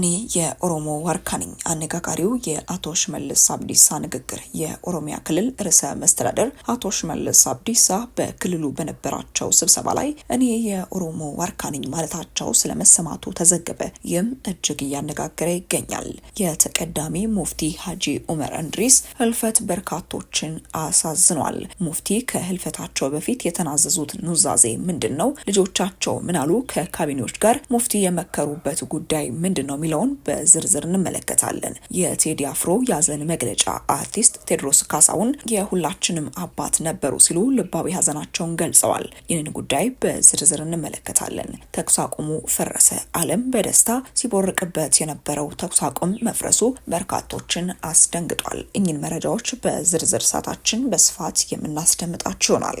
እኔ የኦሮሞ ዋርካ ነኝ። አነጋጋሪው የአቶ ሽመልስ አብዲሳ ንግግር። የኦሮሚያ ክልል ርዕሰ መስተዳደር አቶ ሽመልስ አብዲሳ በክልሉ በነበራቸው ስብሰባ ላይ እኔ የኦሮሞ ዋርካ ነኝ ማለታቸው ስለመሰማቱ ተዘገበ። ይህም እጅግ እያነጋገረ ይገኛል። የተቀዳሚ ሙፍቲ ሀጂ ኡመር እንድሪስ ህልፈት በርካቶችን አሳዝኗል። ሙፍቲ ከህልፈታቸው በፊት የተናዘዙት ኑዛዜ ምንድን ነው? ልጆቻቸው ምናሉ? ከካቢኔዎች ጋር ሙፍቲ የመከሩበት ጉዳይ ምንድን ነው? የሚለውን በዝርዝር እንመለከታለን። የቴዲ አፍሮ ያዘን መግለጫ አርቲስት ቴዎድሮስ ካሳሁን የሁላችንም አባት ነበሩ ሲሉ ልባዊ ሀዘናቸውን ገልጸዋል። ይህንን ጉዳይ በዝርዝር እንመለከታለን። ተኩስ አቁሙ ፈረሰ። ዓለም በደስታ ሲቦርቅበት የነበረው ተኩስ አቁም መፍረሱ በርካቶችን አስደንግጧል። እኚህን መረጃዎች በዝርዝር ሰዓታችን በስፋት የምናስደምጣችሁ ይሆናል።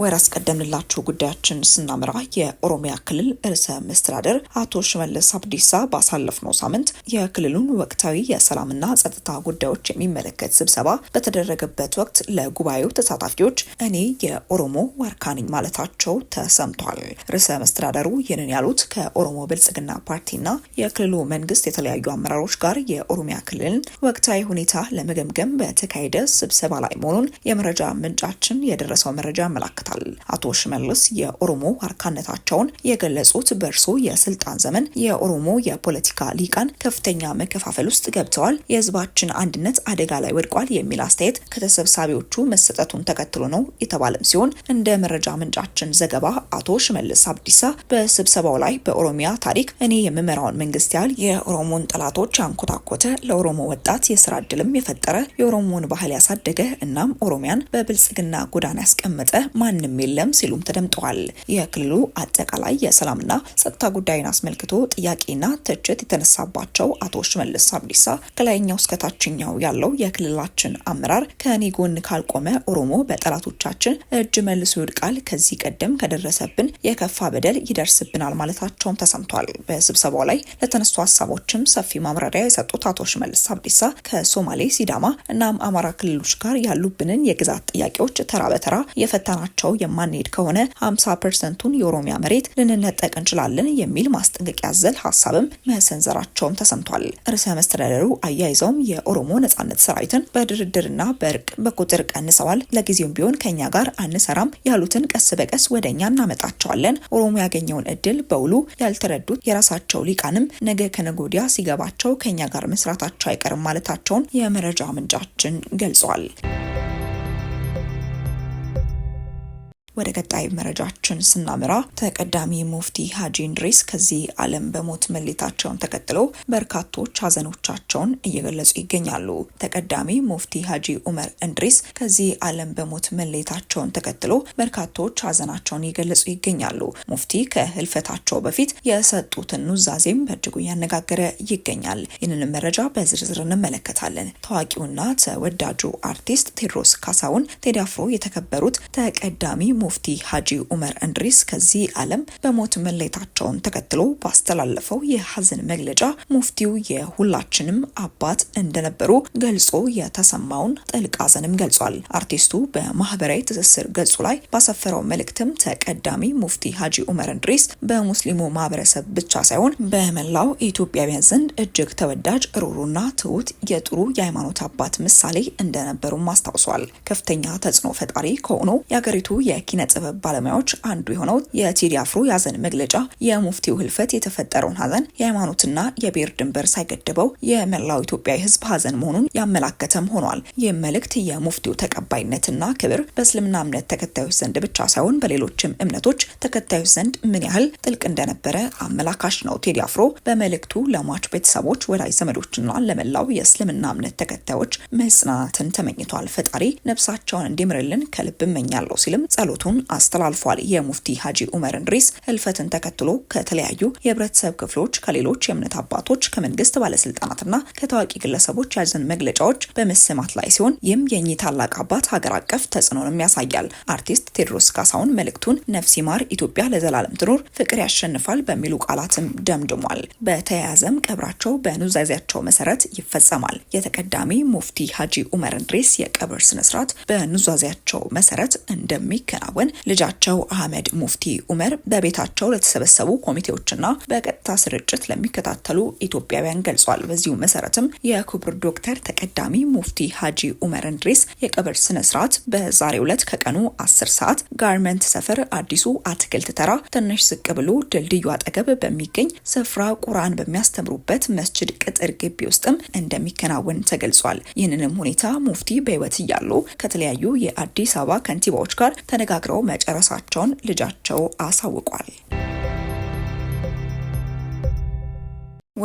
ወር አስቀደምንላችሁ ጉዳያችን ስናምራ የኦሮሚያ ክልል ርዕሰ መስተዳደር አቶ ሽመለስ አብዲሳ ባሳለፍነው ሳምንት የክልሉን ወቅታዊ የሰላምና ጸጥታ ጉዳዮች የሚመለከት ስብሰባ በተደረገበት ወቅት ለጉባኤው ተሳታፊዎች እኔ የኦሮሞ ዋርካ ነኝ ማለታቸው ተሰምቷል። ርዕሰ መስተዳደሩ ይህንን ያሉት ከኦሮሞ ብልጽግና ፓርቲና የክልሉ መንግስት የተለያዩ አመራሮች ጋር የኦሮሚያ ክልልን ወቅታዊ ሁኔታ ለመገምገም በተካሄደ ስብሰባ ላይ መሆኑን የመረጃ ምንጫችን የደረሰው መረጃ ያመላክታል። ይመለከታል። አቶ ሽመልስ የኦሮሞ ዋርካነታቸውን የገለጹት በእርሶ የስልጣን ዘመን የኦሮሞ የፖለቲካ ሊቃን ከፍተኛ መከፋፈል ውስጥ ገብተዋል፣ የህዝባችን አንድነት አደጋ ላይ ወድቋል የሚል አስተያየት ከተሰብሳቢዎቹ መሰጠቱን ተከትሎ ነው የተባለም ሲሆን እንደ መረጃ ምንጫችን ዘገባ አቶ ሽመልስ አብዲሳ በስብሰባው ላይ በኦሮሚያ ታሪክ እኔ የምመራውን መንግስት ያህል የኦሮሞን ጠላቶች አንኮታኮተ፣ ለኦሮሞ ወጣት የስራ እድልም የፈጠረ የኦሮሞን ባህል ያሳደገ እናም ኦሮሚያን በብልጽግና ጎዳና ያስቀመጠ ማን ማንም የለም ሲሉም ተደምጠዋል። የክልሉ አጠቃላይ የሰላምና ጸጥታ ጉዳይን አስመልክቶ ጥያቄና ትችት የተነሳባቸው አቶ ሽመልስ አብዲሳ ከላይኛው እስከ ታችኛው ያለው የክልላችን አመራር ከእኔ ጎን ካልቆመ ኦሮሞ በጠላቶቻችን እጅ መልሶ ይወድቃል፣ ከዚህ ቀደም ከደረሰብን የከፋ በደል ይደርስብናል ማለታቸውም ተሰምቷል። በስብሰባው ላይ ለተነሱ ሀሳቦችም ሰፊ ማብራሪያ የሰጡት አቶ ሽመልስ አብዲሳ ከሶማሌ፣ ሲዳማ እናም አማራ ክልሎች ጋር ያሉብንን የግዛት ጥያቄዎች ተራ በተራ የፈታናቸው ጥለናቸው የማንሄድ ከሆነ 50 ፐርሰንቱን የኦሮሚያ መሬት ልንነጠቅ እንችላለን የሚል ማስጠንቀቂያ ያዘል ሀሳብም መሰንዘራቸውም ተሰምቷል። ርዕሰ መስተዳደሩ አያይዘውም የኦሮሞ ነጻነት ሰራዊትን በድርድርና በእርቅ በቁጥር ቀንሰዋል፣ ለጊዜውም ቢሆን ከኛ ጋር አንሰራም ያሉትን ቀስ በቀስ ወደ እኛ እናመጣቸዋለን። ኦሮሞ ያገኘውን እድል በውሉ ያልተረዱት የራሳቸው ሊቃንም ነገ ከነጎዲያ ሲገባቸው ከኛ ጋር መስራታቸው አይቀርም ማለታቸውን የመረጃ ምንጫችን ገልጿል። ወደ ቀጣይ መረጃችን ስናምራ ተቀዳሚ ሙፍቲ ሀጂ እንድሪስ ከዚህ ዓለም በሞት መሌታቸውን ተከትሎ በርካቶች ሀዘኖቻቸውን እየገለጹ ይገኛሉ። ተቀዳሚ ሙፍቲ ሀጂ ኡመር እንድሪስ ከዚህ ዓለም በሞት መሌታቸውን ተከትሎ በርካቶች ሀዘናቸውን እየገለጹ ይገኛሉ። ሙፍቲ ከህልፈታቸው በፊት የሰጡትን ኑዛዜም በእጅጉ እያነጋገረ ይገኛል። ይህንን መረጃ በዝርዝር እንመለከታለን። ታዋቂውና ተወዳጁ አርቲስት ቴድሮስ ካሳሁን ቴዲ አፍሮ የተከበሩት ተቀዳሚ ሙፍቲ ሀጂ ኡመር እንድሪስ ከዚህ ዓለም በሞት መለየታቸውን ተከትሎ ባስተላለፈው የሀዘን መግለጫ ሙፍቲው የሁላችንም አባት እንደነበሩ ገልጾ የተሰማውን ጥልቅ ሀዘንም ገልጿል። አርቲስቱ በማህበራዊ ትስስር ገጹ ላይ ባሰፈረው መልእክትም ተቀዳሚ ሙፍቲ ሀጂ ኡመር እንድሪስ በሙስሊሙ ማህበረሰብ ብቻ ሳይሆን በመላው ኢትዮጵያውያን ዘንድ እጅግ ተወዳጅ ሩሩና ትሁት የጥሩ የሃይማኖት አባት ምሳሌ እንደነበሩም አስታውሷል። ከፍተኛ ተጽዕኖ ፈጣሪ ከሆኖ የአገሪቱ የኪ የኪነ ጥበብ ባለሙያዎች አንዱ የሆነው የቴዲ አፍሮ የሀዘን መግለጫ የሙፍቲው ህልፈት የተፈጠረውን ሀዘን የሃይማኖትና የብሔር ድንበር ሳይገድበው የመላው ኢትዮጵያ ህዝብ ሀዘን መሆኑን ያመላከተም ሆኗል። ይህም መልእክት የሙፍቲው ተቀባይነትና ክብር በእስልምና እምነት ተከታዮች ዘንድ ብቻ ሳይሆን በሌሎችም እምነቶች ተከታዮች ዘንድ ምን ያህል ጥልቅ እንደነበረ አመላካሽ ነው። ቴዲ አፍሮ በመልእክቱ ለሟች ቤተሰቦች፣ ወዳጅ ዘመዶችና ለመላው የእስልምና እምነት ተከታዮች መጽናናትን ተመኝቷል። ፈጣሪ ነፍሳቸውን እንዲምርልን ከልብ እመኛለሁ ሲልም ጸሎቱ መልእክቱን አስተላልፏል። የሙፍቲ ሀጂ ኡመር እንድሪስ ህልፈትን ተከትሎ ከተለያዩ የህብረተሰብ ክፍሎች፣ ከሌሎች የእምነት አባቶች፣ ከመንግስት ባለስልጣናትና ከታዋቂ ግለሰቦች ያዘን መግለጫዎች በመሰማት ላይ ሲሆን ይህም የእኚህ ታላቅ አባት ሀገር አቀፍ ተጽዕኖንም ያሳያል። አርቲስት ቴዎድሮስ ካሳሁን መልእክቱን ነፍሲ ማር ኢትዮጵያ ለዘላለም ትኖር፣ ፍቅር ያሸንፋል በሚሉ ቃላትም ደምድሟል። በተያያዘም ቀብራቸው በኑዛዜያቸው መሰረት ይፈጸማል። የተቀዳሚ ሙፍቲ ሀጂ ኡመር እንድሪስ የቀብር ስነስርዓት በኑዛዜያቸው መሰረት እንደሚከናወን ሲከናወን ልጃቸው አህመድ ሙፍቲ ኡመር በቤታቸው ለተሰበሰቡ ኮሚቴዎችና በቀጥታ ስርጭት ለሚከታተሉ ኢትዮጵያውያን ገልጿል። በዚሁ መሰረትም የክቡር ዶክተር ተቀዳሚ ሙፍቲ ሀጂ ኡመር እንድሪስ የቀብር ስነ ስርዓት በዛሬው ዕለት ከቀኑ 10 ሰዓት ጋርመንት ሰፈር አዲሱ አትክልት ተራ ትንሽ ዝቅ ብሎ ድልድዩ አጠገብ በሚገኝ ስፍራ ቁርአን በሚያስተምሩበት መስጅድ ቅጥር ግቢ ውስጥም እንደሚከናወን ተገልጿል። ይህንንም ሁኔታ ሙፍቲ በህይወት እያሉ ከተለያዩ የአዲስ አበባ ከንቲባዎች ጋር ተነጋ ተነጋግረው መጨረሳቸውን ልጃቸው አሳውቋል።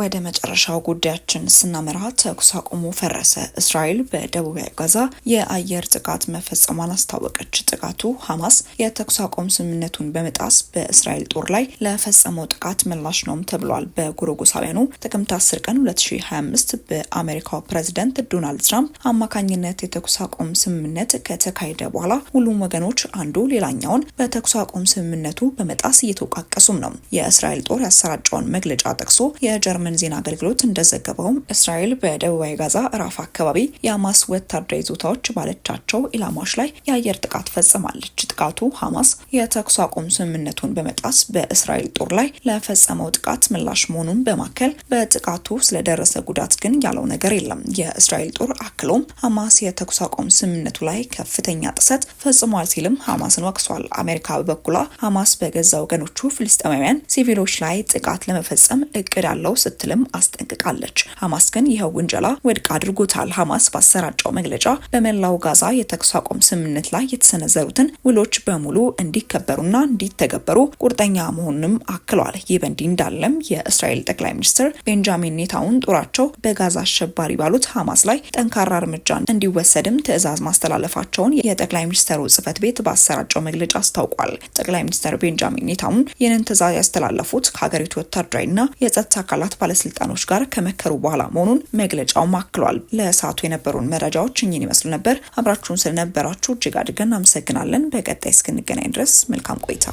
ወደ መጨረሻው ጉዳያችን ስናመራ ተኩስ አቁሙ ፈረሰ። እስራኤል በደቡባዊ ጋዛ የአየር ጥቃት መፈጸሟን አስታወቀች። ጥቃቱ ሐማስ የተኩስ አቁም ስምምነቱን በመጣስ በእስራኤል ጦር ላይ ለፈጸመው ጥቃት ምላሽ ነውም ተብሏል። በጎርጎሳውያኑ ጥቅምት 10 ቀን 2025 በአሜሪካው ፕሬዚደንት ዶናልድ ትራምፕ አማካኝነት የተኩስ አቁም ስምምነት ከተካሄደ በኋላ ሁሉም ወገኖች አንዱ ሌላኛውን በተኩስ አቁም ስምምነቱ በመጣስ እየተወቃቀሱም ነው። የእስራኤል ጦር ያሰራጨውን መግለጫ ጠቅሶ የጀርመ የጀርመን ዜና አገልግሎት እንደዘገበውም እስራኤል በደቡባዊ ጋዛ ራፋ አካባቢ የሐማስ ወታደራዊ ይዞታዎች ባለቻቸው ኢላማዎች ላይ የአየር ጥቃት ፈጽማለች። ጥቃቱ ሐማስ የተኩስ አቁም ስምምነቱን በመጣስ በእስራኤል ጦር ላይ ለፈጸመው ጥቃት ምላሽ መሆኑን በማከል በጥቃቱ ስለደረሰ ጉዳት ግን ያለው ነገር የለም። የእስራኤል ጦር አክሎም ሐማስ የተኩስ አቁም ስምምነቱ ላይ ከፍተኛ ጥሰት ፈጽሟል ሲልም ሐማስን ወቅሷል። አሜሪካ በበኩሏ ሐማስ በገዛ ወገኖቹ ፍልስጤማውያን ሲቪሎች ላይ ጥቃት ለመፈጸም እቅድ አለው ስትልም አስጠንቅቃለች። ሐማስ ግን ይኸው ውንጀላ ውድቅ አድርጎታል። ሐማስ ባሰራጨው መግለጫ በመላው ጋዛ የተኩስ አቁም ስምምነት ላይ የተሰነዘሩትን ውሎች በሙሉ እንዲከበሩና እንዲተገበሩ ቁርጠኛ መሆኑንም አክሏል። ይህ በእንዲህ እንዳለም የእስራኤል ጠቅላይ ሚኒስትር ቤንጃሚን ኔታውን ጦራቸው በጋዛ አሸባሪ ባሉት ሐማስ ላይ ጠንካራ እርምጃ እንዲወሰድም ትዕዛዝ ማስተላለፋቸውን የጠቅላይ ሚኒስትሩ ጽህፈት ቤት ባሰራጨው መግለጫ አስታውቋል። ጠቅላይ ሚኒስትር ቤንጃሚን ኔታውን ይህንን ትዕዛዝ ያስተላለፉት ከሀገሪቱ ወታደራዊና የጸጥታ አካላት ባለስልጣኖች ጋር ከመከሩ በኋላ መሆኑን መግለጫው አክሏል። ለሰዓቱ የነበሩን መረጃዎች እኚህን ይመስሉ ነበር። አብራችሁን ስለነበራችሁ እጅግ አድርገን አመሰግናለን። በቀጣይ እስክንገናኝ ድረስ መልካም ቆይታ